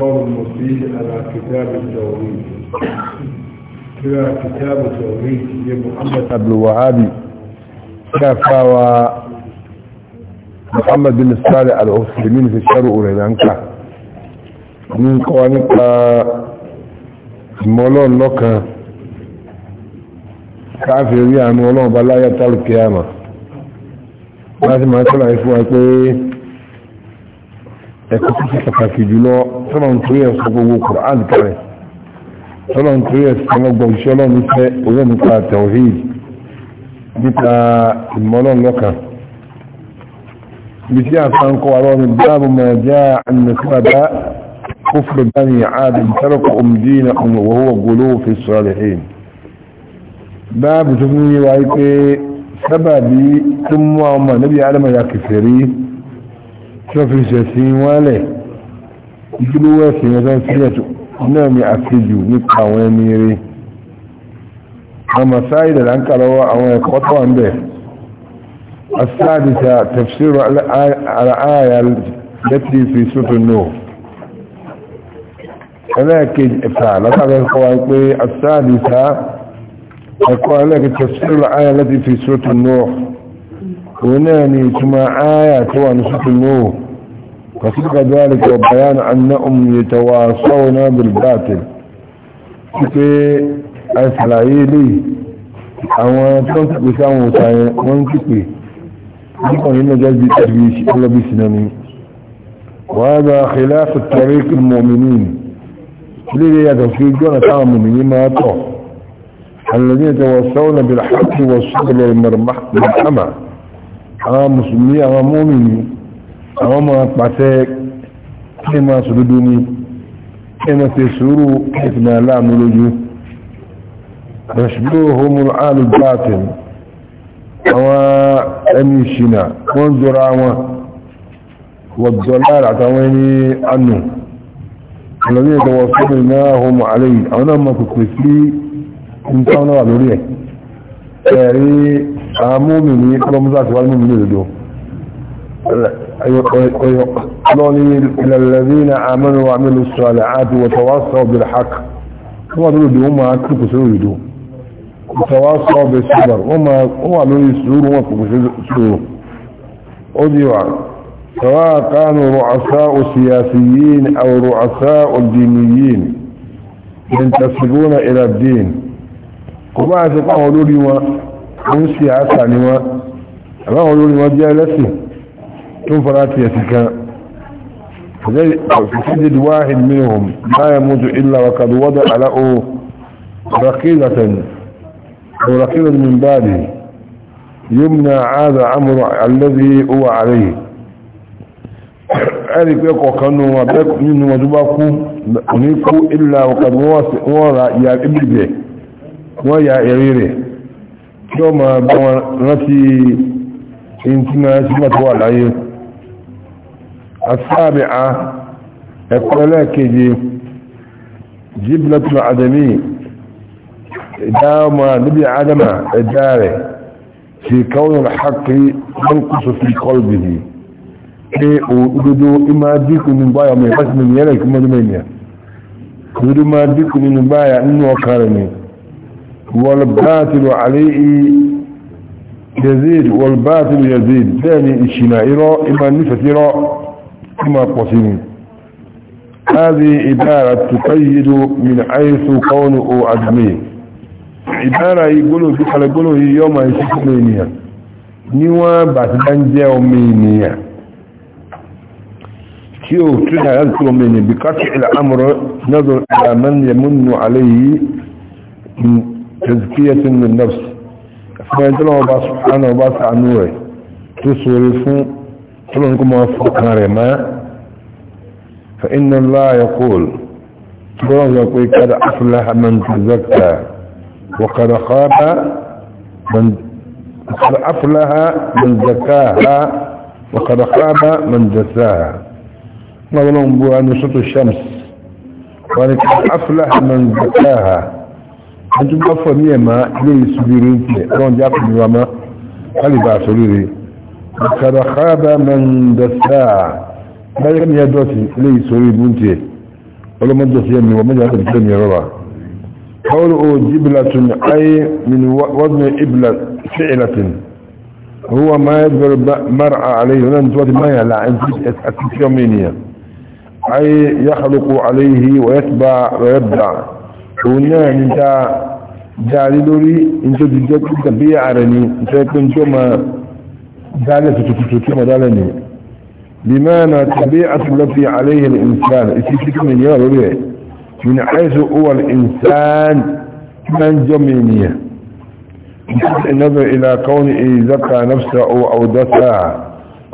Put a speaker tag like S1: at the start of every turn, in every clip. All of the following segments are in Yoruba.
S1: قول مفيد على كتاب التوحيد كلا كتاب التوحيد لمحمد عبد الوهابي كفاوى محمد بن صالح العثيمين في الشرع ولينكا من قوانين مولون لوكا káàfin rí àánú ọlọ́run bá láyé tálùkì àmà láti máa ẹ̀kọ́ tó ṣe pàtàkì jùlọ sọ́nà nítorí ẹ̀sọ́ gbogbo Qur'an kalẹ̀ sọ́nà nítorí ẹ̀sọ́ ọlọ́gbọ̀n iṣẹ́ ọlọ́run fẹ́ owó nípa tawhid nípa ìmọ̀lọ́run lọ́kàn bí tí a fa ń kọ́ wa lọ́rin báàbù máa já àmìnàkúrádá kufru bani adam tarku um dina um wa huwa gulu fi salihin báàbù tó fún yíwa wípé sábàbí tún mú àwọn ọmọ níbi adam ya kìfèrí sọ́fin ṣẹ̀sìn wálẹ̀ ìdúró ẹ̀sìn ẹ̀sán sílẹ̀ náà ni àṣejù nípa àwọn ẹni eré àmà sáìdà là ń kà lọ́wọ́ àwọn ẹ̀kọ́ tó wà ń bẹ̀ asáàdìsà tafsiru àlàáyà lẹ́tí fi sótò náà ẹlẹ́ẹ̀kejì ẹ̀fà látàrí ẹ̀kọ́ wa pé asáàdìsà ẹ̀kọ́ ẹlẹ́ẹ̀kejì tafsiru àlàáyà lẹ́tí fi sótò náà وناني كما آية ونسك النور فصدق ذلك وبيان أنهم يتواصون بالباطل كي أسرائيلي أو تنسك سامو سايا وانسكي يكون هنا جاز تربيش إلا بسناني وهذا خلاف الطريق المؤمنين ليه يتفيد جونا تعمل المؤمنين ما يطرح الذين يتواصون بالحق والصبر والمرحمة àwọn mùsùlùmí àwọn mọ́mìnì àwọn ọmọ pàṣẹ kí ma sòdodo ni kí ma ṣe sùúrù kí ma láàmú lójú rẹ̀ṣùgbọ́ homer alubatin àwọn ẹni ìṣìnà wọ́n jọra wọn wọ̀dọ̀lá àtàwọn ẹni anù ọlọ́bí ẹ̀tọ́ wọ́n sọ́bẹ̀ náà homer alayhi àwọn náà ma kòkòrò sí ní táwọn náà lórí ẹ̀ amúmìnì ọlọ́mùsá àti wáyé mímìnì òdò lọ́ni ìlàlẹ́dínà àmẹ́nu àmẹ́lú sọ́lẹ̀ àti wọ̀tọ̀wọ́sọ̀ bẹ̀rẹ̀ hak wọ́n tó lòdì wọ́n máa kìrìkù sí òdò wọ̀tọ̀wọ́sọ̀ bẹ̀rẹ̀ sọ́bàr wọ́n wà lórí sùúrù wọn kìrìkù sí sùúrù ó di wà سواء كانوا رؤساء سياسيين أو رؤساء دينيين ينتسبون إلى الدين وما أتقعوا لوري ń ṣe àṣà ni wọ́n àbáwọn olórí wọn jẹ́ ẹlẹ́sìn tó ń fara ti ẹ̀sìn kan فسجد واحد منهم لا يموت إلا وقد وضع له رقيلة أو رقيلة من بعده يمنع هذا أمر الذي هو عليه ẹ̀rí pé kọ̀ọ̀kan nù abẹ́kùn nínú ọdún bá kú ní kú ìlà ọ̀kan wọ́n ra ìyà ìbìbẹ̀ wọ́n ya èrè rẹ̀ يوم نسي ان اسمت والعيد السابعة يقول لك جبلة العدمي داوما نبي عدم الداري في كون الحق ينقص في قلبه كي اوددو اما ديكو من بايا من بس من يلك مدمينيا كي اوددو ما ديكو من بايا انو اكارني والباطل عليه يزيد والباطل يزيد ثاني الشنائر إما النفتر إما القسم هذه عبارة تقيد من حيث قوله عدمي عبارة يقولوا بحل يقولوا يوم يشكمينيا نوا باتبانجا ومينيا كيو تنا يذكر مني بقطع الأمر نظر إلى من يمن عليه تزكية من النفس فما يدلع الله سبحانه وبعث عن نوره تصرف تلونكم وفقنا ما فإن الله يقول تقول يقول قد أفلح من تزكى وقد خاب من قد أفلح من زكاها وقد خاب من دساها نظرهم بأن شط الشمس وقد أفلح من زكاها ẹjú bá fọ̀ ní ẹ̀má ilé ìsúlérè ń tẹ̀ ọ̀rọ̀ jẹ́ àpòlù wa mọ́ kálíbà àsọ̀rẹ́rẹ́ ìkàrà káàbà mẹ́ndẹ̀sà báyẹ̀ ní ẹjọ́sì ilé ìsọ̀rẹ́ ìbú ń tẹ̀ ọlọ́mọdọ̀sì ẹ̀mí wọ́n mẹ́jọ àti ìfẹ́ mi rọ́bà kọ́ọ̀lù ó jìbìlàtún هو ما يدبر مرأة عليه هنا نتواتي ما يهلا أتسيومينيا أي يخلق عليه ويتبع ويبدع òun náà ní dá dáadé lórí nítorí ti jẹ́ pípa bí ààrẹ ni nítorí pé ní tí ó máa dálẹ̀ tuntun tí ó máa dálẹ̀ ni bí máa na tàbí àtúnlọ́fi àlẹ́yìn ìsàn ìsì kíkọ́ mi níyàwó lórí rẹ̀ من حيث هو الإنسان من جمينية النظر إلى كونه ذكى نفسه أو دسى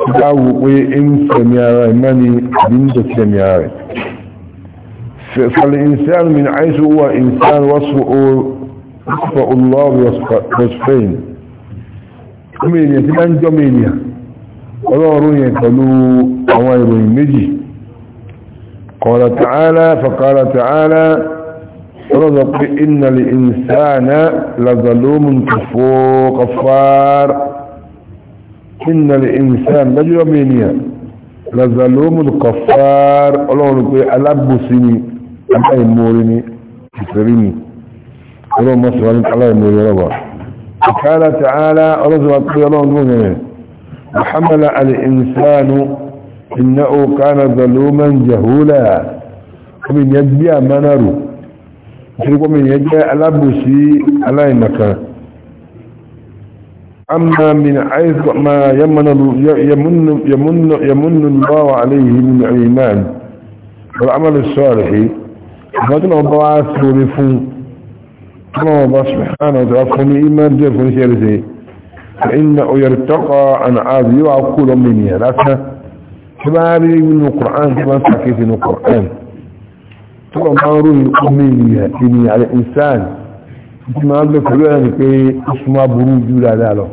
S1: تدعوه إن سمياري مني بنت سمياري فالإنسان من حيث هو إنسان وصفه وصف الله بوصفين أمينيا تبان جمينيا ولورون يتلو أوائر المجي قال تعالى فقال تعالى رزق إن الإنسان لظلوم كفو كفار إن الإنسان لجمينيا لظلوم الكفار ولورون يقول ألبسني قال تعالى رضو أطلي الله المؤمنين وحمل الإنسان إنه كان ظلوما جهولا ومن يجبيا ما ومن يقول من يجبيا ألبسي على المكان أما من عيث ما يمن, يمن, يمن, يمن الله عليه من عيمان والعمل الصالح فقدنا وضعات سوريفون كما الله سبحانه وتعالى قومي إيمان جيف ونشيرتي فإنه يرتقى عن عاد يوعى كل مني لكن كباري من القرآن كما ساكيت من القرآن ترى ما روي أمي إني على إنسان ما أبلك لأني كي أسمى بروج ولا لا له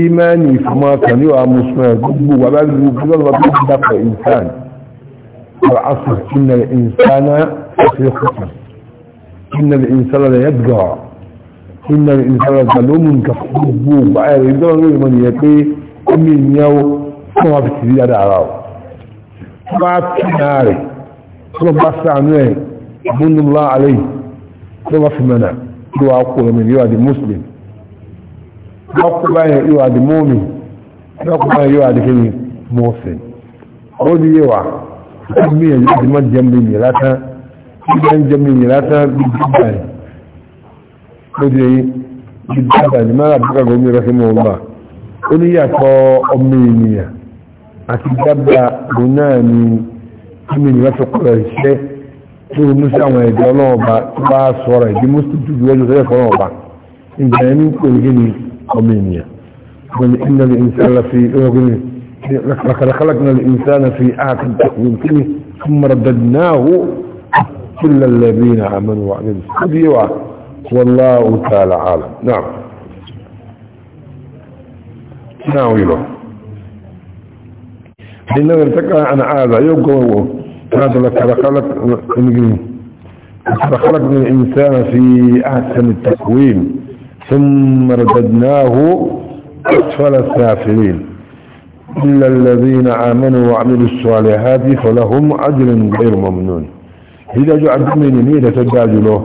S1: إيماني فما كان يوعى مسمى قبو وبعد ذلك بطلب إنسان العصر إن الإنسان في خطر إن الإنسان ليدقع إن الإنسان ظلوم كفوه وعلى يدور من يقي أمين يو كما في السبيل على ما تناري ثم بس عنه من الله عليه ثم في منع دعا أقول من يوعد مسلم أقول يوعد مؤمن أقول يوعد كريم محسن أقول يوعد kan miyan yi man jami mai rata idan jami mai rata bidda ne ko da yi bidda ne mara buka gomi rahimu ba ó ní yàtọ̀ ọmọ ènìyàn àti dábà ló náà ni ọmọ ènìyàn fi kọ̀rọ̀ iṣẹ́ tó ronú sí àwọn ẹ̀dọ́ ọlọ́ọ̀ba tó bá sọ̀rọ̀ ìdí mọ́sítútù ìwọ́jọ́ sọ́yẹ̀ fọ́nà ọ̀ba ìgbà yẹn ní pèlú ní ọmọ ènìyàn gbọ́n ní ìnáwó ìṣẹ́lá fi ọgbọ́n لقد خلقنا الإنسان في آخر تقويمه ثم رددناه كل الذين آمنوا وعملوا الصالحات والله تعالى عالم نعم ناوله نعم، حين ارتكى عن هذا يقول هذا لقد خلقنا الإنسان في أحسن التقويم ثم رددناه أسفل السافلين إلا الذين آمنوا وعملوا الصالحات فلهم أجر غير ممنون إذا جاء من ميلة تداج له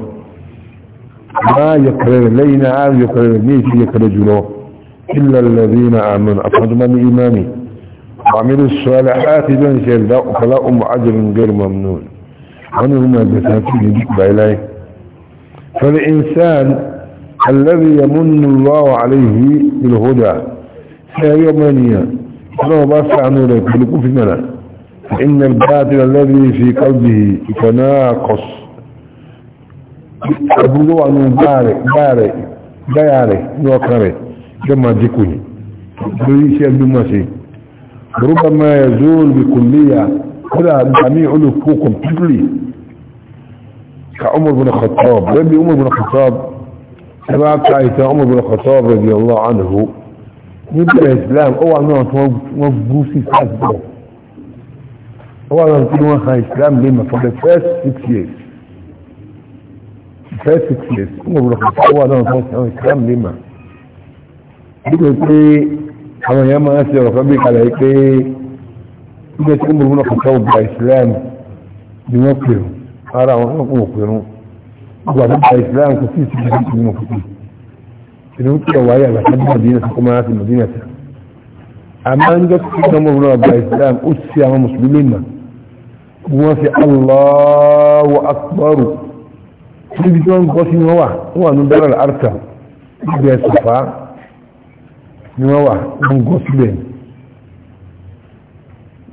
S1: ما يقرر لينا يقرر ميت يقرر له إلا الذين آمنوا أفضل من إيماني وعملوا الصالحات فلهم أجر غير ممنون هما بساتين ذكب إليه فالإنسان الذي يمن الله عليه بالهدى سيومانيا فلو ما عنه لك لكم يعني في منا فإن الباطل الذي في قلبه يتناقص أبدو أنه باري باري باري نوكري كما ذكوني بريسي الممسي ربما يزول بكلية كلا جميع لفوكم تبلي كعمر بن الخطاب ربي عمر بن الخطاب سبعة عيسى عمر بن الخطاب رضي الله عنه ní bẹ̀rẹ̀ islam ó wà náà tí wọ́n gú sí islam pọ̀ ó wà náà tí wọ́n han islam lẹ́mọ̀ for the first six years first six years ó wà náà tí wọ́n han islam lẹ́mọ̀ dípò pé àwọn èèyàn máa ń ṣe ọ̀rọ̀ fẹ́bí kalẹ̀ pé ilé tí wọ́n náà kọ̀ọ̀kan ọba islam ni wọ́n pèrò ara wọn náà kò pèrò ọgbà nípa islam kò sí ìsinmi nínú òkùnkùn idan kuka waye a zakar madina su kuma nasu madina ta amma an ga su kan murna ba islam usiya ma musulmin nan kuma sai allahu akbaru sun bi tuwon kwasi mawa wa nun darar arta da ya sufa mawa an gosu da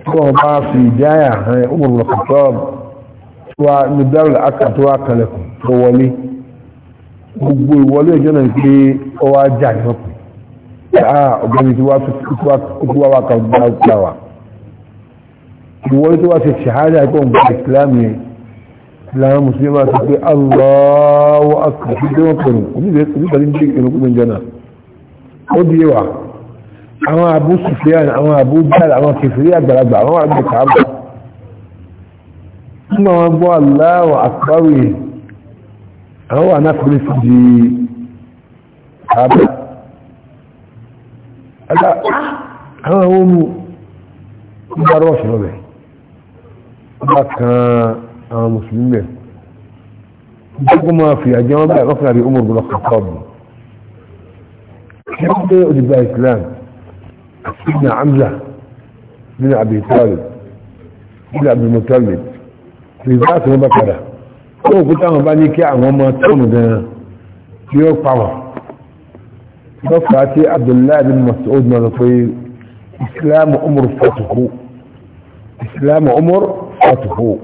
S1: kuma ba su yi jaya hanyar umar da kasuwa tuwa nun darar arta tuwa kalakun tuwa wali gbogbo ìwọlé ẹjọ́ náà pé ọ wá jà ní ọ̀pọ̀ àà ah, ọ̀gbẹ́ni tí wá wá kan gbá gbà wá ìwọlé tó wá ti ṣàhádà ẹ̀kọ́ ń gba ìsìlámù yẹn láwọn mùsùlùmí máa sọ pé Allahu akbar tí wọ́n pẹ̀lú onígbàdí ní ìrìn òkú ìjọ náà ó di wà àwọn Abu Sufyan àwọn Abu Jahl àwọn kẹfìrí àgbàlagbà àwọn àgbẹ̀ kàábà nínú àwọn wà náà kúrò sí di ààbà ẹgbà ah, àwọn àwọn ohun ń bá rọ́ọ̀ṣì lọ́bẹ̀ ọba kan àwọn mùsùlùmí bẹ̀ gbogbo máa fi àjẹ́ wọn báyìí lọ́kùnrin àbí Umar bin Khattab kẹ́kẹ́ òdìgbà Islam àti ibn Hamza bin Abi Talib ibn Abdul Muttalib rìzáàtì wọn bá padà ó kú táwọn bá ní kí àwọn ọmọ tóònù gan tí ó pàwọ̀ lọ́fàá tí abdullahi bin mas'ud ma lọ pé islamu umar fatuhu islamu umar fatuhu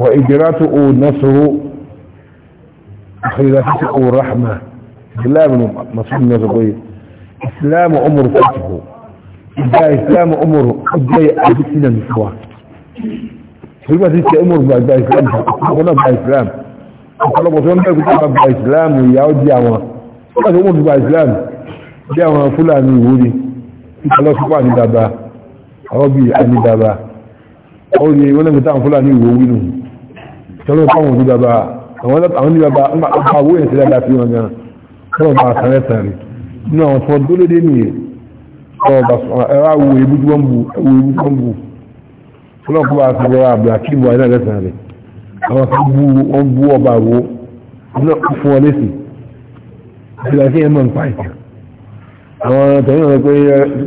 S1: wa ijiratu o nasuru akhiratu o rahma abdullahi bin mas'ud ma lọ pé islamu umar fatuhu ìjá islamu umar ọjọ́ àbísí na nìkọwàá nígbà tí ṣe ẹmọ ògbà gba islam ọkọ̀nà gba islam ọ̀pọ̀lọpọ̀ tó ń bẹ̀rù tó bá gba islam ìyá ó di àwọn nígbà tí ẹmọ ògbà islam di àwọn fúlàní ìwúrí ìpọlọ́sọ́pọ̀ àní bàbá ọ̀bí àní bàbá ó rí wọ́n lẹ́gbẹ̀ẹ́ táwọn fúlàní ìwúrí nù tọ́lọ́ táwọn ní bàbá àwọn ní bàbá ọkọ̀ àwọ̀ yẹn ti dáadáa fi wọn gan tọ́lọ́ fúlọ́pù bá ti rọra àbúrà kí ìbò àìlẹ́ lẹ́sàn rẹ̀ àwọn tó bú wọn bú ọba wo fún ọ lẹ́sì ìgbà kí ẹ mọ̀ nípa ìtàn àwọn tẹ̀yìn rẹ̀ pé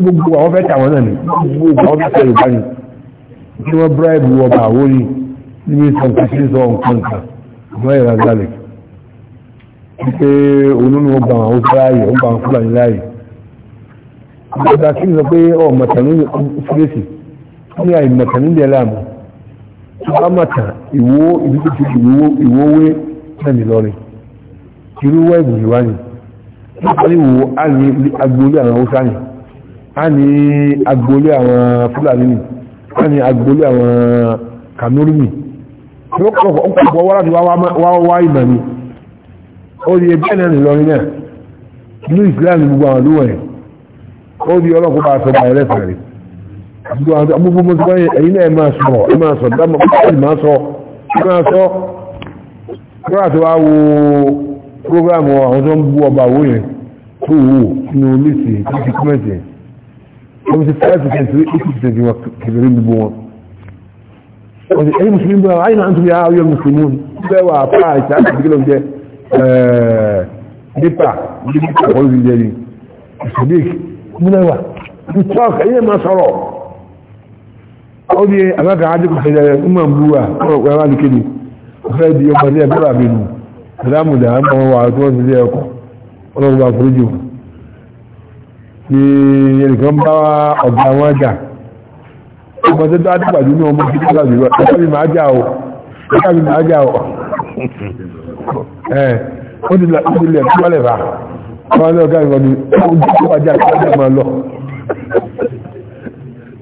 S1: gbogbo àwọn fẹ́ tàwọn náà ni gbogbo àwọn fẹ́ tẹ̀yìn bá ní kí wọ́n bíráìbù ọba àwó ni níbi sọ nǹkan sí sọ nǹkan kan àmọ́ ìrà gbalẹ̀ wípé olómi ó gba àwọn fúláyè ó gba àwọn fúlàní láàyè. Ìgbà kí ni sọ pé ọ̀ mọ̀tàn ní fúlẹ́sì ní àìmọ̀kà nílẹ̀ láàmù alámàtà ìwó ìdíkòtò ìwówé ẹ̀mì lọ́rin irú wá ìbùjì wá ní níparíwò a ní agboolé àwọn haúsá ní a ní agboolé àwọn fúlàní ní a ní agboolé àwọn kanúrú ní ọkọ̀ wọ́n láti wá ìmọ̀ ní ó di ẹgbẹ́ náà nìlọrin náà ní ìsìlẹ̀ ní gbogbo àwọn olúwẹ̀ ó di ọlọ́pàá sọ abubu mo sọ yẹ ẹ̀yin náà ẹ máa sọ ẹ máa sọ dámọ̀ ẹ máa sọ ẹ máa sọ kúrò tó wá wo prógrámù àwọn tó ń bú ọba owó yẹn tó wò nínú lẹ́sì tó ti kọ́mẹ̀tì yẹn wọ́n ti five percent sí eight percent wọn kẹfẹ́rẹ́ gbogbo wọn. wọ́n ti ẹ̀yin mùsùlùmí bọ̀ ayé náà ń tóbi ayé mùsùlùmí bẹ́ẹ̀ wà apá àti àti ìdílé oúnjẹ nípa nípa wọ́n ti jẹ́ ni ìṣèlú múnáwá ní chọ́ọ̀kì ẹ̀yin máa sọ̀rọ̀. ọdí agbága ajẹ́kù fẹ́lẹ̀ ọmọ ìbúwà ọ̀rọ̀kọ̀ ẹwà lùkèlè fẹ́ di ọmọ ilé ẹgbẹ́rà bínú ìdámùdá ọmọ wà tó wọ́n sílé ọkọ̀ ẹnìkan bá wọn jà ọmọ ní ọmọ máa jà máa jà ó ti fà ni ó ń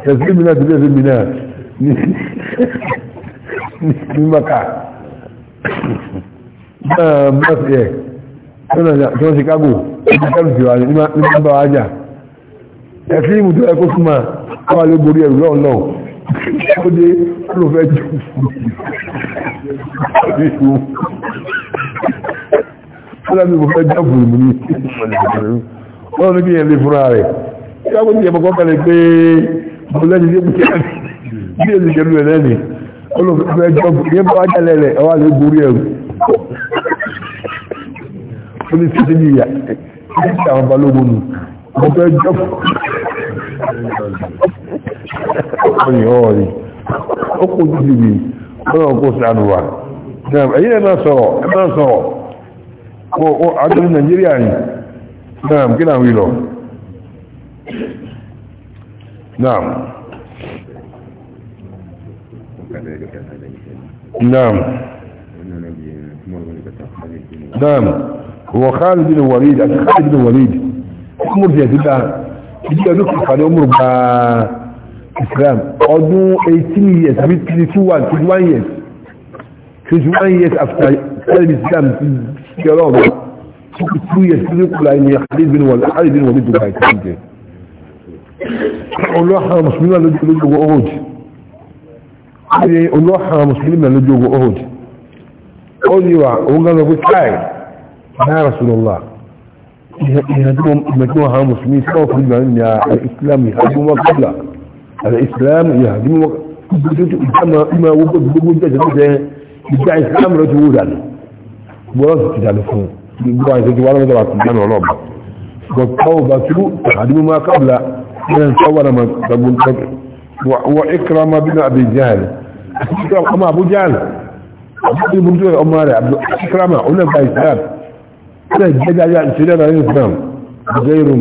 S1: tẹ̀sí mi náà ti bẹ́ẹ̀ mi náà ní maka náà bá fi ẹ̀ tó ń Chicago ní kẹ́lùsì wà ní máa bá wá jà ẹ̀sí ìmú tó ẹkó súnmà wà ló borí ẹ̀rù lọ́wọ́ lọ́wọ́ ó dé ló fẹ́ jù fúlàmì kò fẹ́ jáfù ìmú ní ọ̀nà ìgbẹ̀rù bọ́lẹ́ni ní bíi bí èsì jẹ́lu ẹ̀ lẹ́ni olùfẹ́ jọ ní bá wájà lẹ́lẹ̀ ẹ̀ wà lè borí ẹ̀rù ó ní títí ní ìyá ní ti àwọn balógun nù mo fẹ́ jọ
S2: ọ̀yìn ọ̀rìn ó kò tó ti bì
S1: ọlọ́run kò sànù wa ẹ̀yìn ẹ̀ máa sọ̀rọ̀ ẹ̀ máa sọ̀rọ̀ kó àjọ ní Nàìjíríà ni kí نعم نعم نعم هو خالد بن الوليد خالد بن الوليد عمر جاهز الله ìdí ọdún kọfà ní ọmọ gba Islam ọdún 18 years àbí 21 21 years 21 years after tẹ́lẹ̀ Islam ti ṣe ọlọ́ọ̀bá 2 years tí ó kúrò ní àdébìnrin wọ̀lú àdébìnrin wọ̀lú dubai kìí jẹ́ olóòhàn musulmi lójógó ohud ayé olóòhàn musulmi lójógó ohud ó ní wa òun gánà pé káì na rasulullah ìhàdímọ̀ àwọn musulmi sọ́wọ́ fún ìgbà ní islam ìhàdímọ̀ kọ́lá àti islam ìhàdímọ̀ ìmọ̀ gbogbo gbogbo jẹ́jẹ́ tó islam rẹ̀ ti wó dànù ti gbogbo àìsàn ti wá lọ́wọ́ من وإكرم بن أبي جهل إكرم أما أبو جهل إكرم أولا أنا جدا يا عليه السلام غير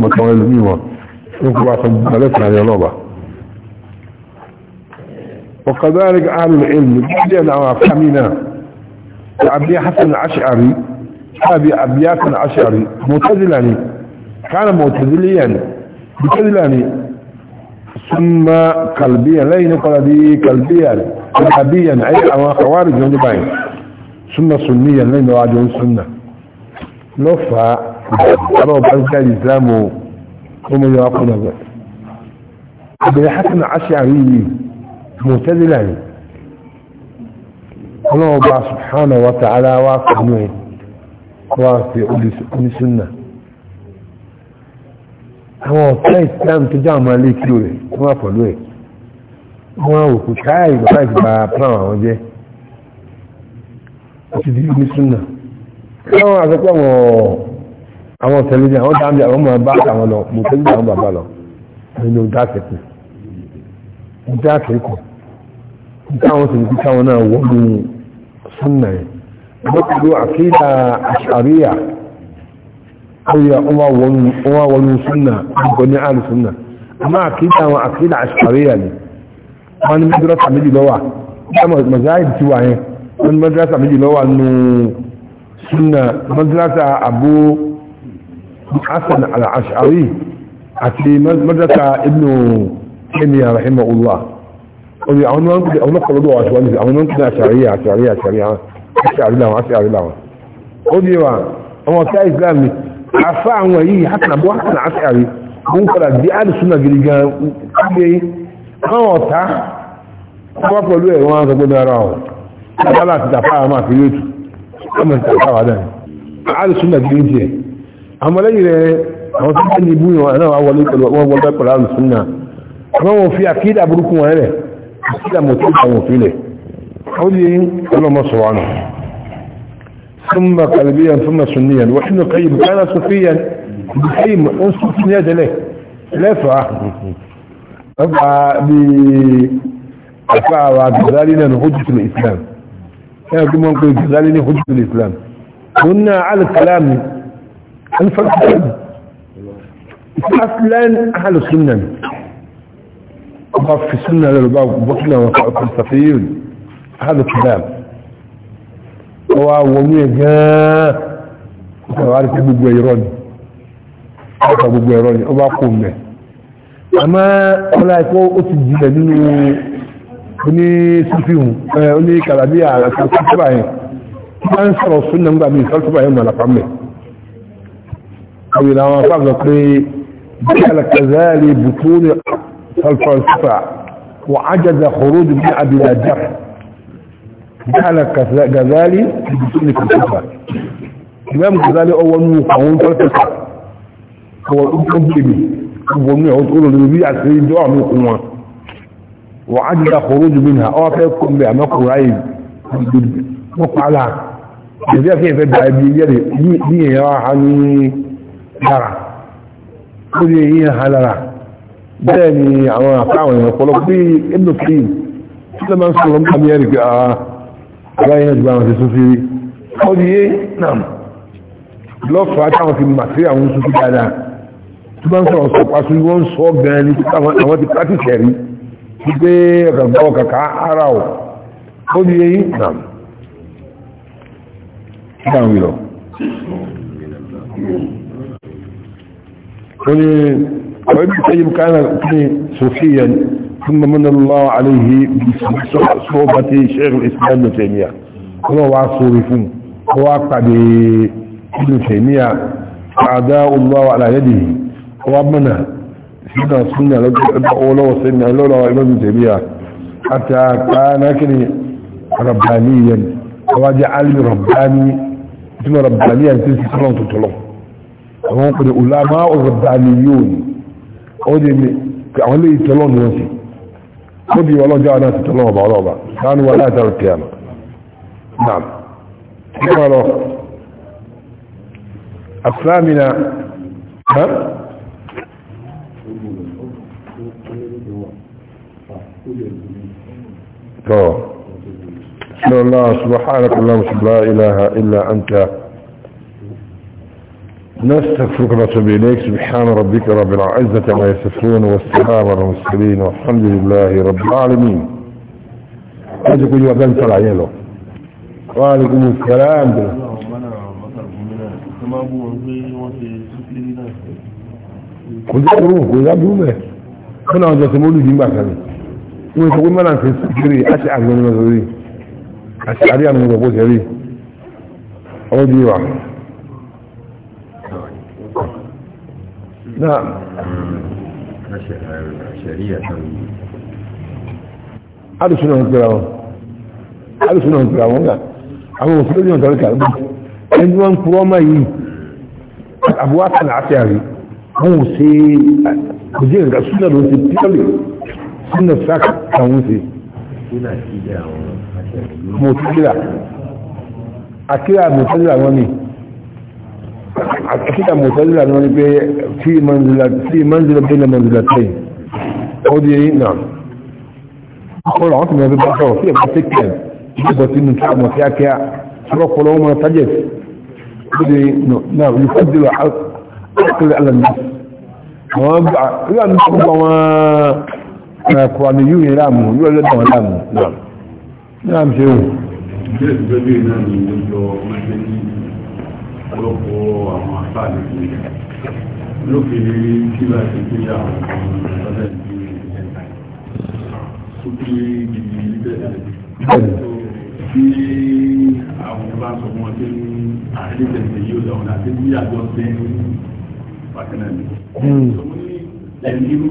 S1: وكذلك أهل العلم جدا وفهمنا أبي حسن العشعري أبي أبيات العشعري معتزلني كان معتزليا بكلاني ثم قلبيا لين قلبي قلبيا قلبيا اي اما خوارج من باين ثم سنيا لين ينقل سنة لفا قالوا بعد كان الاسلام هم يعقلوا بس ابن حسن عشعري معتدلاني الله سبحانه وتعالى واقع منه واقع في سنه àwọn ọ̀fẹ́ ìsìlámù tó jáwọn máa lé kílò rẹ̀ wọ́n wà pẹ̀lú ẹ̀ wọ́n òkú káàì bàbá ìgbà plan àwọn jẹ́ àti bí ní súnà káwọn àfẹ́pọ̀ àwọn tẹ̀lẹ́dì àwọn dáàbì àwọn máa bá àwọn lọ mo tẹ́lẹ̀ àwọn bàbá lọ nínú dáàkẹ́kù dáàkẹ́kù táwọn sì ń fi káwọn náà wọ́n mú súnà yẹn هي هو والسنة بني آل السنة أما عقيدة وعقيدة عشقرية لي وأنا مدرسة عملي لوا كما مزايد سواهي وأنا مدرسة عملي لوا أنه سنة مدرسة أبو حسن العشقري àti mọ́dátà ibnu kenya rahimahullah oye àwọn ọlọ́pàá lọ́dọ̀ àti wọ́n ní àwọn ọlọ́pàá àṣàríyà àṣàríyà àṣàríyà àṣàríyà Sharia Sharia Sharia Sharia Sharia àwọn ọ̀tá islam ni àfá àwọn èyí hátàlá bọ́ hátàlá àṣàrí wọ́n padà di àdìsúnà gidi gan pé wọ́n ọ̀tá wọ́n pẹ̀lú ẹ̀ wọ́n sọ gbọ́dọ̀ ara ọ̀
S3: abala àti tàfà
S1: àmà àti yóò ọmọ ti àdìsúnà gidi tiẹ̀ lẹ́yìn rẹ̀ àwọn tó yàn wọlé pẹ̀lú pẹ̀lú àdìsúnà fi àkídà ثم قلبيا ثم سنيا وابن القيم كان صوفيا بحيم انصف سنية له لا فعه أبعى بأفعى وعجزالنا نهجة الإسلام يعني كما نقول جزالنا نهجة الإسلام كنا على الكلام
S2: الفلسفة
S1: أصلا أهل السنة وقف في السنة للباب بطلة وفلسفيين هذا الكلام wọ́n wá wọnú ẹ̀ gan-an ìtàwà rí gbogbo ẹ̀rọ ni ọkọ̀ gbogbo ẹ̀rọ ni ó bá kó mẹ́ àmọ́ ọlá ẹ̀kọ́ ó ti jìnlẹ̀ nínú oní sífìhùn oní kàlàbí àràkà sọ́tọ́bà yẹn tí wọ́n ń sọ̀rọ̀ sún náà gbàmí sọ́tọ́bà جعل غزالي في الكفر إمام غزالي أول مقاوم فلسفة هو المسلمي ومن يقول النبي على السيد دعاء من القوان وعجل خروج منها أعطيكم آه، بأمكم عيب مقع لها النبي كيف يدعي بيدي دي يا حني شرع كل هي حلال داني عوافع ويقول لك دي ابن الطين لما نصلهم كم يرجع آه. aláyé náà gbogbo àwọn ti súnfí rí ó di yé náà lọ́fàá táwọn fi mà sí àwọn súnfí dáadáa tó bá ń sọ̀rọ̀ sọ pàṣẹ wọ́n ń sọ gan ni àwọn ti pàtìsẹ̀ rí wípé ọ̀kàgbọ́ kàkà ara ò ó di yé náà dáhùn lọ wani ọ̀rẹ́bí tẹ́yìn kánà ní sofiyan ثم من الله عليه صحبة شيخ الإسلام ابن تيمية هو وعصورفون هو أقعد ابن تيمية أعداء الله على يده هو أبنى سنة سنة لجل أبا أولا وسنة لولا وإمام تيمية حتى كان كني ربانيا وواجه عالم رباني ثم ربانيا تنسي سلام تطلق قد علماء الربانيون أودي àwọn ilé ìtọ́lọ́nù wọn خذي والله جاء جاءنا تتلوه بعضوبة كان ولا ترى القيامة نعم قالوا الثامنة ها تو الله سبحانك اللهم لا إله إلا أنت نستغفرك ونتوب اليك سبحان ربك رب العزه ما يصفون والسلام على المرسلين والحمد لله رب العالمين هذا كل يوم بنت العيله وعليكم السلام kò jábúrú كل يوم mẹ́ fún àwọn ọjọ́sẹ̀ mọ́lù yìí gbàkan ní wọ́n ìfọ̀kún mẹ́rin àti síkiri àti àgbẹ̀mọ́sọ̀rí àti àríyànmọ́sọ̀rí ọdí wà
S3: نعم شريعة
S1: عارف شنو هنقراهم عارف شنو هنقراهم لا àwọn òṣèlú yàn tọ́lẹ̀kà rẹ̀ ẹni wọ́n ń kúrọ́ mọ́ yìí àbúwátà láti àrí wọ́n ò ṣe òjé ìrìnkà súnà ló ń ṣe píọ́lì súnà sáàkì àwọn ṣe mo tíra àkíra mo tíra akida mutazila ni wọ́n pé fi manzila fi manzila bayna manzilatayn ó di èyí náà ọkọlọ àwọn tó mọ̀ ẹgbẹ́ bá sọ̀rọ̀ sí ẹ̀bá tẹ́kẹ̀ ìgbẹ́gbọ́ sínú tí a mọ̀ kíákíá rọ́pọlọ ọmọ tajẹ̀ ó di náà olùfẹ́dìlọ akẹ́lẹ̀ alàmì àwọn ìlànà ní ọgbà wọn ẹ̀kọ́ àmì yóò yẹn láàmù
S4: ọ̀pọ̀lọpọ̀ àwọn àṣà nìkan lókèlè rí kí bá ti pé àwọn ọmọ ọ̀dọ́ ìlú ẹ̀ka tó kí gidi bẹ́ẹ̀ tí àwọn bá sọ fún wọn pé àdéhùn yóò lọ ọ̀nà àti bí àjọ ṣe ń bákan náà ni. ẹni irú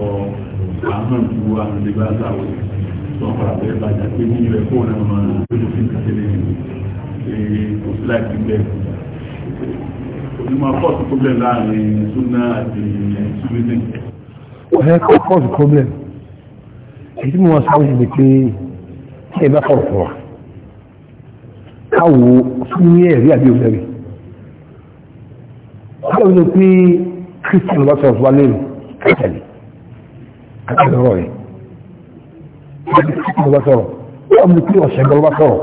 S4: àwọn àmọ́ ju àrùn lè bá sáwọ́ wọn fara bẹ́ẹ̀ bàjá pé ní ilẹ̀ fún ọ̀nà ọmọ lójú sí kàtẹ́lẹ̀ kò sí láì fi bẹ́ẹ̀. onímọ̀ kọ́ọ̀sì problem láàrin súnà àti ṣúlẹ́sìn.
S1: ọ̀hẹ́ kọ́ọ̀sì problem èyí tí mo wá sáwọ́ ìṣẹ̀lẹ̀ pé kí ẹ bá kọ̀ fọ̀ wá káwo fún ní ẹ̀rí àbí òṣèré káwọn ló pé christian lọ́sọ̀ọ̀sọ̀ wá lérò kẹtẹ̀lì àti ọ̀rọ̀ yìí ṣe bá sọ̀rọ̀ wọ́n mú kí ọ̀ṣẹ́ gbọ́ bá sọ̀rọ̀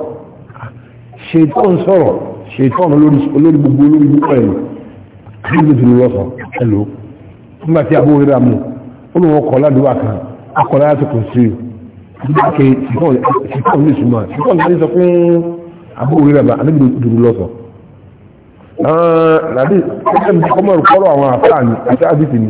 S1: ṣètọ́n sọ̀rọ̀ ṣètọ́n olórí gbogbo olórí gbogbo ẹ̀lú ní ìdíjú ni wọ́n sọ ẹ̀lú nígbà tí abúrò rírà mú ó lóun ọkọ̀ ládùúgbà kan akọ̀ láti kò sí ìdáke ṣètọ́n ní ìṣúná ṣètọ́n ní sọ fún abúrò rírà bá anábìrì dùdú lọ́sọ̀ láàrín ọmọ ìkọ́rọ̀ àwọn àfáà ni àti àdìsí ni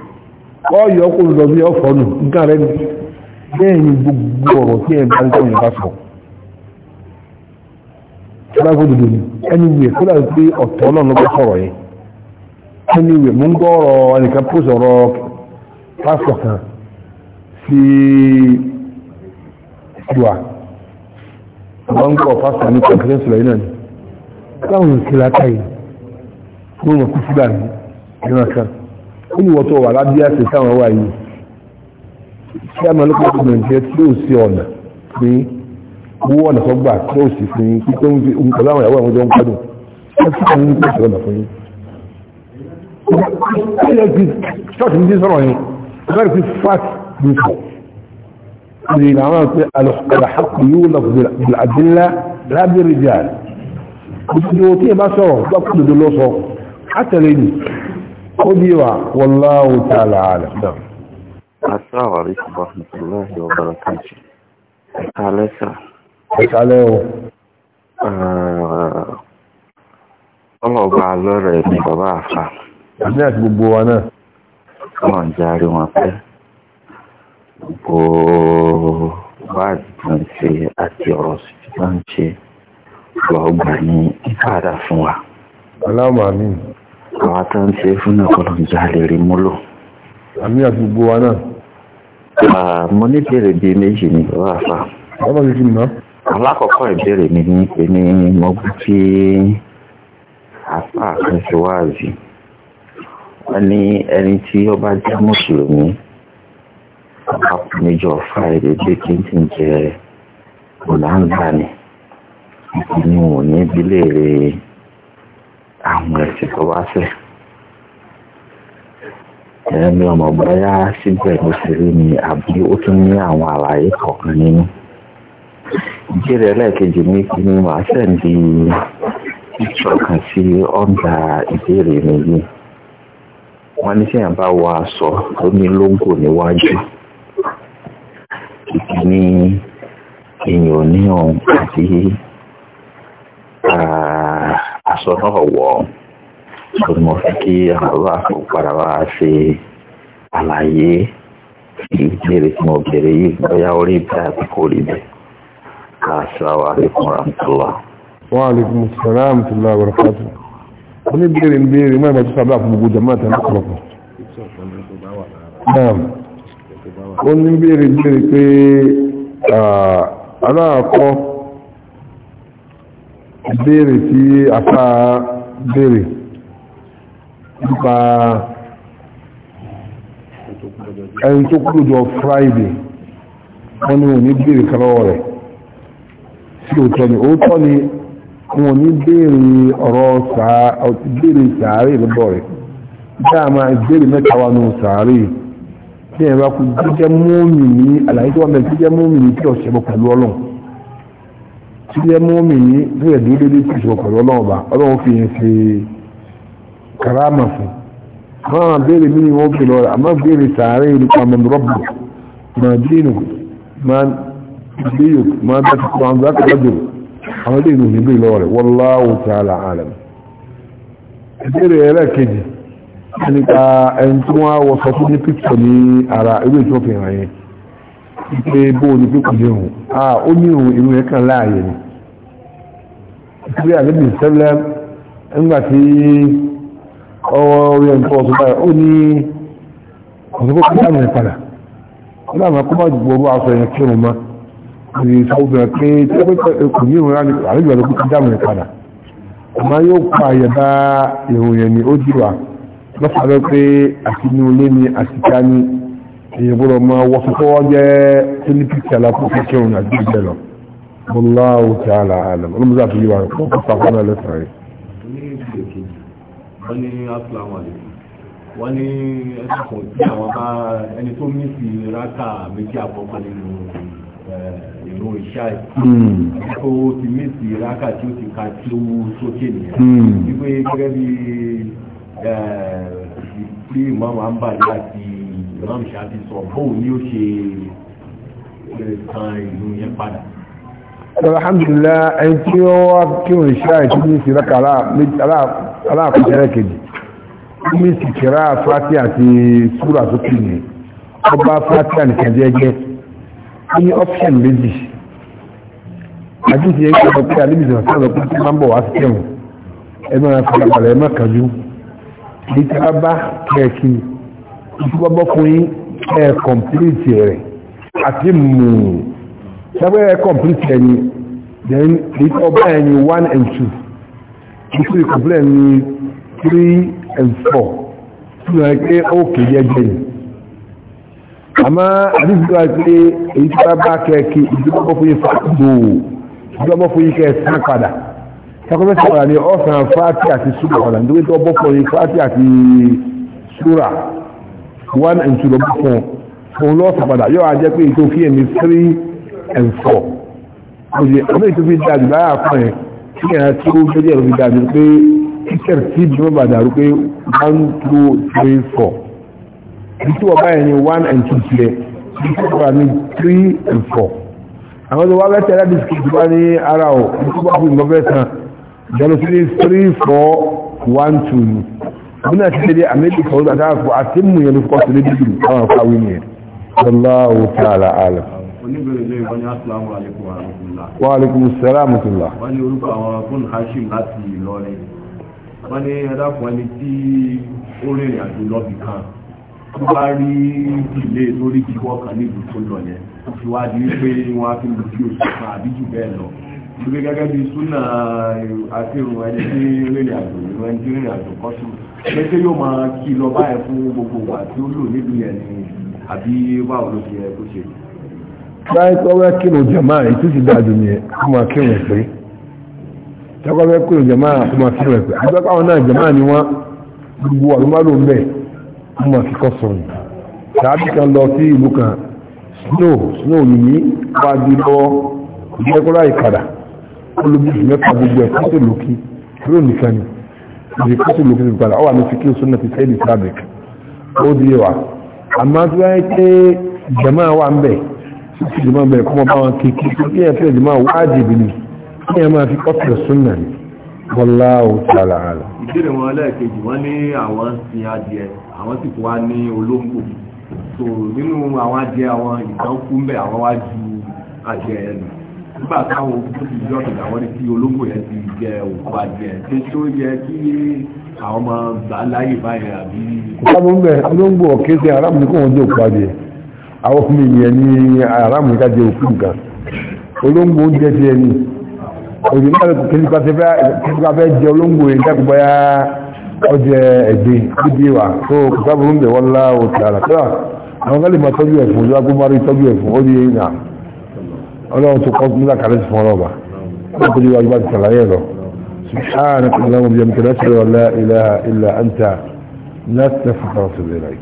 S1: ọyọ kò lọ bí ọfọ nù nǹkan rẹ bẹ́ẹ̀ ni gbogbo ọ̀rọ̀ tí ẹ bá ń kọ́ yẹn bá sọ ọlọ́gbọ́n dòdò ni ẹni wíyẹ kó dàbí pé ọ̀tọ̀ ọlọ́run bá sọ̀rọ̀ yẹn ẹni wíyẹ mú ń gbọ́ ọ̀rọ̀ ẹnìkan pọ̀ sọ̀rọ̀ pásọ̀ kan sí ìdùà ọ̀rọ̀ ń gbọ́ pásọ̀ ní kọ̀ǹkẹ́sì lọ́yìn náà ni láwọn ìṣẹ̀lẹ̀ àtàyè ó ní wọ́tọ̀ wà lábí àti táwọn wà yìí kí a máa lọ́pọ̀ ọdún nàìjíríà tí ó sí ọ̀nà pé owó ọ̀nà tó gbà tí ó sì fún yín pípẹ́ ohun pẹ̀lú àwọn ìyàwó àwọn ọjọ́ ń gbádùn ẹ̀sùn kan ní pẹ̀lú ọ̀nà fún yín. ilẹ̀ ti ṣọ́ọ̀tì ní sọ̀rọ̀ yẹn ọ̀gá ti fat nìkan ní àwọn pé alhaqu yóò lọ bìlà àdínlá lábẹ́rẹ̀ jà òṣìṣẹ́ tí ẹ bá sọ̀rọ̀ lọ́kùnrin قدوة والله تعالى عالم نعم
S3: السلام الله وبركاته السلام عليكم ọlọ́ọ̀bá lọ́rọ̀ ẹ̀mí bàbá àfà ní àti gbogbo wa náà wọ́n járe wọn pẹ́ gbogbo bá àdìgbọ́n ṣe àti ọ̀rọ̀ sí ti bá ń ṣe lọ́gbà ní ìpàdà fún wa aláwọ̀ àwọn tó ń ṣe fún náà kọ́ ló ń lè rí àmì wa náà. mo ní bèrè bíi méjì ní ìlú àfà. bàbá mi kì í ná. alákọ̀ọ́kọ́ ìbéèrè mi ní pé ní mo gbé tí apá kan ṣe wọ́n ní ẹni tí ó bá jẹ́ mùsùlùmí àpapọ̀ níjọ jẹ ọ̀làǹgbà ni ìbílẹ̀ àwọn ẹ̀sìn tó wá fẹ́ ẹ̀mí ọmọ bọ́yá síbẹ̀ ló ṣe rí ni àbí ó tún ní àwọn àlàyé kọ̀ọ̀kan nínú ìbéèrè ẹlẹ́ẹ̀kejì ní kí ni màá sẹ́ǹdì ìṣọ̀kan sí ọ̀ǹda ìbéèrè mi yìí wọ́n ní sẹ́yìn bá wọ aṣọ tó ní lóńgò níwájú ìkíní èèyàn oníhàn àti aṣọ náà wọ̀ ọ́ mo fẹ́ kí àwọn àpò padà wá ṣe àlàyé ìbéèrè tí mo béèrè yìí bóyá orí bẹ́ẹ̀ àti kò rí bẹ́ẹ̀ ká aṣáwá àlékún ramtula.
S1: wọ́n àlékún sọ̀rọ̀ ramtula wàrúfàtù wọ́n ní béèrè mọ́ ìbájú sábà fún gbogbo jama tẹ̀lé ọ̀pọ̀lọpọ̀. wọ́n ní béèrè béèrè pé aláàkọ́ ìbéèrè tí afá béèrè nípa ẹni tó kúrò jọ friday wọ́n ní wọ́n ní béèrè kọ́rọ̀ rẹ̀ sí òtọ́ ni òótọ́ ni wọ́n ní béèrè ọ̀rọ̀ béèrè sàárè lọ́dọ̀ rẹ̀ dáàmà ìbéèrè mẹ́ta wà nù sàárè tí ẹ̀rọ kú jíjẹ́ mọ́mì ní àlàyé tó wà mẹ́rin jíjẹ́ mọ́mì ní ọ̀ṣẹ́ bọ̀ pẹ̀lú ọlọ́run tí yẹ mọ́mì ní tí yẹ dúró dédé tí ìṣòro pẹ̀lú ọlọ́run ọba ọlọ́run fi yẹn ṣe karama fún máa béèrè mí ni wọ́n fi lọ rẹ̀ àmọ́ béèrè sàárè nípa mọ̀ rọ́bù máa dínú máa dé yòókù máa bá ti kọ́ àwọn zákà lọ́jọ́ àwọn ilé ìlú níbi lọ rẹ̀ wallahu ta'ala alam ìbéèrè ẹlẹ́ẹ̀kejì nípa ẹni tí wọ́n wọ sọ fún ní píktọ̀ ní ara ewé ìtọ́fẹ̀ hàn pé bó o ní pé kò dé òun a ó ní òun irú ẹ̀ kan láàyè ni ìpínlẹ̀ àlébì sẹ́lẹ̀ nígbà tí ọwọ́ orí ẹ̀ ń tọ́ ọ̀sùn báyìí ó ní ọ̀sùn kó kíkà mọ̀ padà ó láwọn akọ́ bá gbogbo owó aṣọ yẹn kírun mọ́ ní sọ́wọ́bìnrin pé tí ó pẹ́ kò ní ìrora ní àlébì ọ̀dọ́ kó kíkà mọ̀ padà àmọ́ yóò pa àyẹ̀bá ìròyìn ni ó dìwà lọ́fàá lọ pé àti inú ilé ni àti ká ní èyí gbọ́dọ̀ máa wọ fúnfọ́ jẹ́ tílípìtì alákòókò kírun àti ìgbẹ́ lọ Allahu ta'ala alam olùmọ́sá fi yíwa kó kó sàkóná lẹ́sàn rẹ̀.
S4: wọ́n ní asalaamu alaykum wọ́n ní ẹ̀sùn kan tí àwọn bá ẹni tó mí sí rákà méjì àkọ́kọ́ nínú eh, ìró ìṣá ẹ̀ hmm. tó ti mí sí rákà tí ó ti ka tí ó sókè nìyẹn hmm. wípé gẹ́gẹ́ bí ìpín ìmọ̀ àwọn àǹbàdé àti ìmáàmù ṣáàbí sọ bóun ni ó ṣe san ìlú yẹn padà.
S1: alhamdulilah ẹni tí ó wá kí wọn ṣe àìsí ní ìsìnlẹ́kà aláàkọsílẹ̀ kejì omi ìsìnkìrá fati àti súra tó kì ní ọba fati ànìkan jẹ́jẹ́ ní option méjì àjíṣe yẹn kọ́ pé alébìsàn sọ́dọ̀ pé tí máa ń bọ̀ wá sí ẹ̀wọ̀n ẹgbẹ́ wọn fọlọ́balẹ̀ ẹ̀mọ́ kanjú ní tí wọ́n bá kẹ́ẹ̀kì ìfúgbọ́bọ́kùnrin ẹ̀ kọ̀m̀plìtì rẹ̀ àti mú ṣẹ́gbẹ́ ẹ̀ kọ̀m̀plìtì ẹni then ìtọ́ ọba ẹni one and two ìtú ìkọ̀m̀plẹ̀ ni three and four tí wọ́n pé ó kè jẹ́jẹ́ ni àmọ́ àdúgbò pé èyí tí wọ́n bá kẹ́ẹ̀kì ìdúgbọ́bọ́kùnrin fàgbò ìdúgbọ́bọ́kùnrin kẹ́ẹ̀sán padà sakọ́fẹ́ sọ̀rọ̀ ni ọ̀sán fáàtì àti súrà ọ̀làǹdókè tó bọ́ fún yín fáàtì àti súrà one and two ló bá fún ọ òun lọ́ọ̀sì padà yóò wá jẹ́ pé ètò fi ẹ̀mí three and four òye ọmọ ètò fi dájú báyà fún ẹ kí ẹ̀rọ tí ó gbé ẹ̀rọ fi dájú pé kíkẹ́ tí bí wọ́n bá dàrú pé one two three four bí tí wọ́n bá yẹn ní one and two tiẹ̀ bí tí wọ́n bá three and four àwọn tó wá bẹ́ẹ̀ tẹ́lẹ̀ bí kìkì wá ní ara ọ̀ bí tí wọ́n bá fún ìmọ̀ bẹ́ẹ̀ tán ìjọba sí ní three four one two muna cikin dai a mai kawo da ta ku a tin mu yanzu ko su ne bidiyo kawai kawai ne sallahu ta'ala alam wa alaikum assalam wa
S4: wani orúkọ àwọn fún hashim láti Ìlọrin wọ́n ní ẹ̀dàkùn ẹni tí ó rìnrìn àjò lọ́bì kan tó bá rí ilé lórí kíkọ́ kan ní ìlú tó lọ yẹn di wípé wọ́n fi lù kí oṣù kan àbí jù bẹ́ẹ̀ lọ ìwé gẹ́gẹ́ bí súnà àti ìrùn ẹni tí rìnrìn àjò ìrùn ẹni tí rìnrìn àjò kọ́sù lẹ́sẹ̀ yóò máa kí lọ báyẹn fún gbogbo wa tí ó lò nílùú yẹn ni àbí báwo ló ti yẹ kó ṣe.
S1: báyìí tó wẹ́ kí ló jẹ̀má èyí tó ti dájú ni kó máa kí wọn pé tọ́kọ́ fẹ́ kí ló jẹ̀má kó máa kí wọn pé àti pé àwọn náà jẹ̀má ni wọ́n gbogbo àlùmọ́lò ń bẹ̀ kó máa fi kọ́ sọ̀rọ̀ tàbí kan lọ sí ìlú snow snow yìí wájú lọ́wọ́ ìjẹ́kọ́lá olùmíjì mẹ́fà gbogbo ẹ̀ kọ́sẹ̀ lókì ló nìkan ni ìdí kọ́sẹ̀ lókì ti gbàdá ọwà ní fi kí o súnà ti sẹ́ẹ̀lì sábẹ̀k ó di wa àmọ́ tí wáyé pé jama wà ń bẹ̀ títí jama bẹ̀ kọ́mọ bá wọn kéèké tó kí ẹ̀ fẹ́ jama wájìbì ni kí ẹ̀ máa fi kọ́sẹ̀ súnà ni wallahu ta'ala àlà.
S4: ìbéèrè wọn lẹ́ẹ̀kejì wọ́n ní àwọn sin adìẹ àwọn sì nígbà táwọn òkú ti yọ ìdáwọ́ ní kí olóńgbò yẹn ti jẹ òkú àjẹ ṣé tí ó yẹ kí àwọn ọmọ gbà láyè báyẹn àbí.
S1: ọlọ́mọ bẹ olóńgbò ọ̀kẹ́ ti aráàmù ní kò wọ́n jẹ òkú àjẹ àwọn ọkùnrin yẹn ní aráàmù ní ká jẹ òkú nǹkan olóńgbò oúnjẹ ti ẹni òjò náà lè kí nípa fẹ́ jẹ olóńgbò yẹn dákú báyà ọjẹ ẹgbẹ́ níbi wa tó kò sábà olóńgbò wọn lá òtí àlàkọ́lá àwọn gálẹ̀ máa tọ́jú ẹ̀fún ìjọba gbọ́mọ́rí tọ́jú ẹ̀fún ó di náà ولو تقوم لك على اسم ربا وقل واجباتك العيادة سبحانك اللهم بيامك نسر ولا اله الا انت
S2: نتنفق راصب اليك